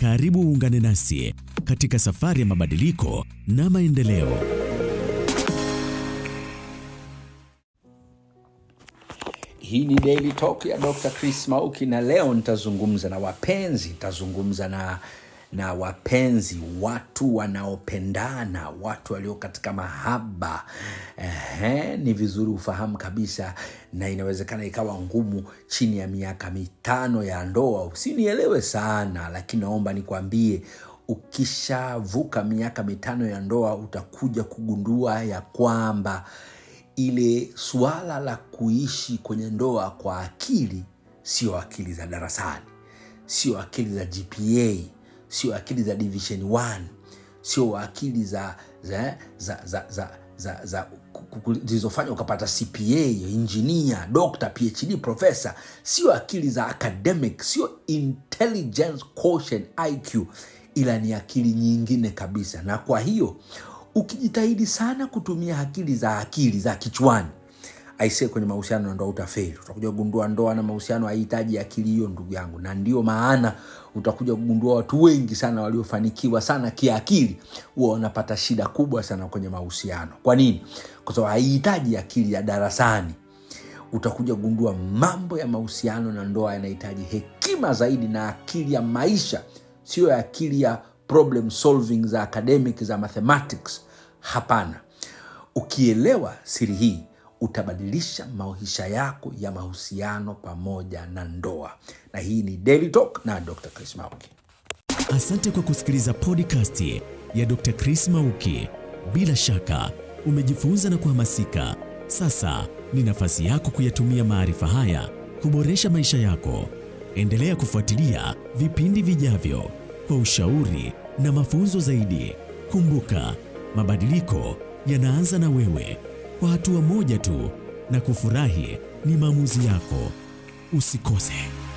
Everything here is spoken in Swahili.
Karibu uungane nasi katika safari ya mabadiliko na maendeleo. Hii ni Daily Talk ya Dr. Chris Mauki na leo nitazungumza na wapenzi, nitazungumza na na wapenzi, watu wanaopendana, watu walio katika mahaba eh, Ehe, ni vizuri ufahamu kabisa, na inawezekana ikawa ngumu chini ya miaka mitano ya ndoa. Usinielewe sana, lakini naomba nikwambie ukishavuka miaka mitano ya ndoa utakuja kugundua ya kwamba ile suala la kuishi kwenye ndoa kwa akili, sio akili za darasani, sio akili za GPA, sio akili za division 1, sio akili za, za, za, za, za, za, za zilizofanya ukapata CPA, injinia dokta PhD, profesa sio akili za academic, sio intelligence IQ, ila ni akili nyingine kabisa. Na kwa hiyo ukijitahidi sana kutumia akili za akili za kichwani aisee, kwenye mahusiano na ndoa utafeli. Utakuja kugundua ndoa na mahusiano haihitaji akili hiyo, ndugu yangu, na ndio maana utakuja kugundua watu wengi sana waliofanikiwa sana kiakili huwa wanapata shida kubwa sana kwenye mahusiano. Kwa nini? Kwa sababu haihitaji akili ya darasani. Utakuja kugundua mambo ya mahusiano na ndoa yanahitaji hekima zaidi na akili ya maisha, siyo akili ya problem solving za academic za mathematics. Hapana. Ukielewa siri hii utabadilisha maisha yako ya mahusiano pamoja na ndoa. Na hii ni Daily Talk na Dr. Chris Mauki. Asante kwa kusikiliza podcast ya Dr. Chris Mauki. Bila shaka umejifunza na kuhamasika. Sasa ni nafasi yako kuyatumia maarifa haya kuboresha maisha yako. Endelea kufuatilia vipindi vijavyo kwa ushauri na mafunzo zaidi. Kumbuka, mabadiliko yanaanza na wewe kwa hatua moja tu na kufurahi ni maamuzi yako. Usikose.